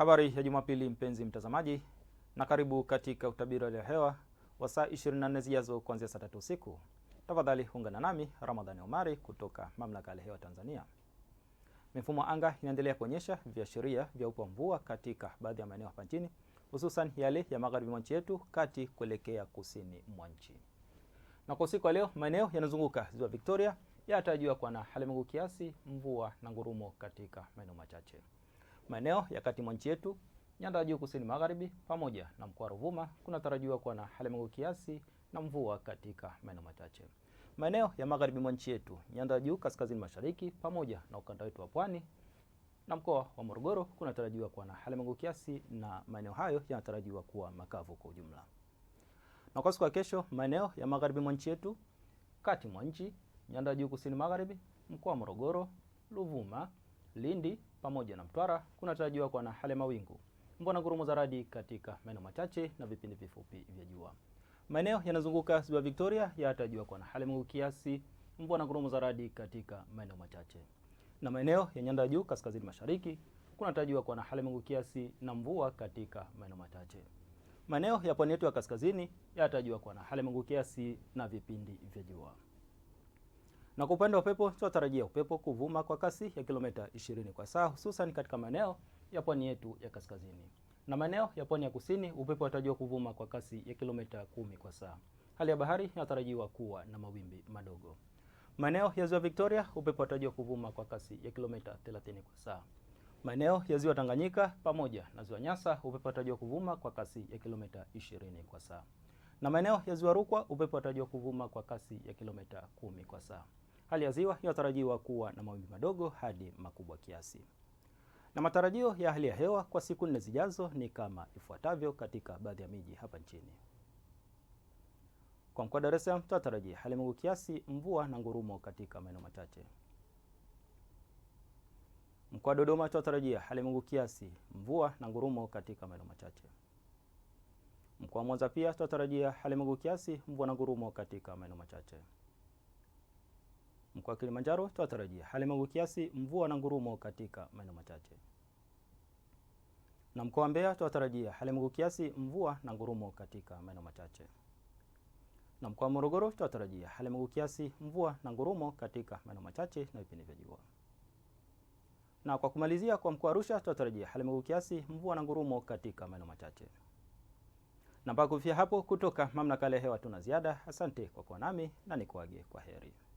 Habari ya Jumapili, mpenzi mtazamaji, na karibu katika utabiri wa hewa wa saa 24 zijazo kuanzia saa tatu usiku. Tafadhali ungana nami Ramadhani Omari kutoka Mamlaka ya ya Hewa Tanzania. Mifumo anga inaendelea kuonyesha viashiria vya upo mvua katika baadhi ya maeneo hapa nchini, hususan yale ya magharibi mwa nchi yetu kati kuelekea kusini mwa nchi. Na kwa usiku wa leo, maeneo yanazunguka ziwa Victoria yatarajiwa kuwa na hali ya mawingu kiasi, mvua na ngurumo katika maeneo machache maeneo ya kati mwa nchi yetu, nyanda ya juu kusini magharibi, pamoja na mkoa wa Ruvuma kunatarajiwa kuwa na hali ya mawingu kiasi na mvua katika maeneo machache. Maeneo ya magharibi mwa nchi yetu, nyanda ya juu kaskazini mashariki, pamoja na ukanda wetu wa pwani na mkoa wa Morogoro kunatarajiwa kuwa na hali ya mawingu kiasi na maeneo hayo yanatarajiwa kuwa makavu kwa ujumla. Na kwa siku ya kesho, maeneo ya magharibi mwa nchi yetu, kati mwa nchi, nyanda ya juu kusini magharibi, mkoa wa Morogoro, Ruvuma, Lindi pamoja na Mtwara kunatarajiwa kuwa na hali ya mawingu, mvua na ngurumo za radi katika maeneo machache na vipindi vifupi vya jua. Maeneo yanazunguka ziwa Victoria yanatarajiwa kuwa na hali ya mawingu kiasi, mvua na ngurumo za radi katika maeneo machache, na maeneo ya nyanda juu kaskazini mashariki kunatarajiwa kuwa na hali ya mawingu kiasi na mvua katika maeneo machache. Maeneo ya pwani yetu ya kaskazini yanatarajiwa kuwa na hali ya mawingu kiasi na vipindi vya jua. Na kwa upande wa upepo tunatarajia upepo kuvuma kwa kasi ya kilomita 20 kwa saa hususan katika maeneo ya pwani yetu ya kaskazini na maeneo ya pwani ya kusini. Upepo unatarajiwa kuvuma kwa kasi ya kilomita kumi kwa saa. Hali ya bahari inatarajiwa kuwa na mawimbi madogo. Maeneo ya ziwa Victoria, upepo unatarajiwa kuvuma kwa kasi ya kilomita 30 kwa saa. Maeneo ya ziwa Tanganyika pamoja na ziwa Nyasa, upepo unatarajiwa kuvuma kwa kasi ya kilomita 20 kwa saa, na maeneo ya ziwa Rukwa, upepo unatarajiwa kuvuma kwa kasi ya kilomita kumi kwa saa hali ya ziwa inatarajiwa kuwa na mawimbi madogo hadi makubwa kiasi. Na matarajio ya hali ya hewa kwa siku nne zijazo ni kama ifuatavyo katika baadhi ya miji hapa nchini. Kwa mkoa wa Dar es Salaam tunatarajia hali ya mawingu kiasi, mvua na ngurumo katika maeneo machache. Mkoa wa Dodoma tunatarajia hali ya mawingu kiasi, mvua na ngurumo katika maeneo machache. Mkoa wa Mwanza pia tunatarajia hali ya mawingu kiasi, mvua na ngurumo katika maeneo machache. Mkoa wa Kilimanjaro tunatarajia hali ya kiasi mvua na ngurumo katika maeneo machache, na mkoa wa Mbeya tunatarajia hali ya kiasi mvua na ngurumo katika maeneo machache, na mkoa wa Morogoro tunatarajia hali ya kiasi mvua na ngurumo katika maeneo machache na vipindi vya jua, na kwa kumalizia, kwa mkoa wa Arusha tunatarajia hali ya kiasi mvua na ngurumo katika maeneo machache. Na mpaka kufikia hapo, kutoka mamlaka ya hewa tuna ziada. Asante kwa kuwa nami na nikuage kwa heri.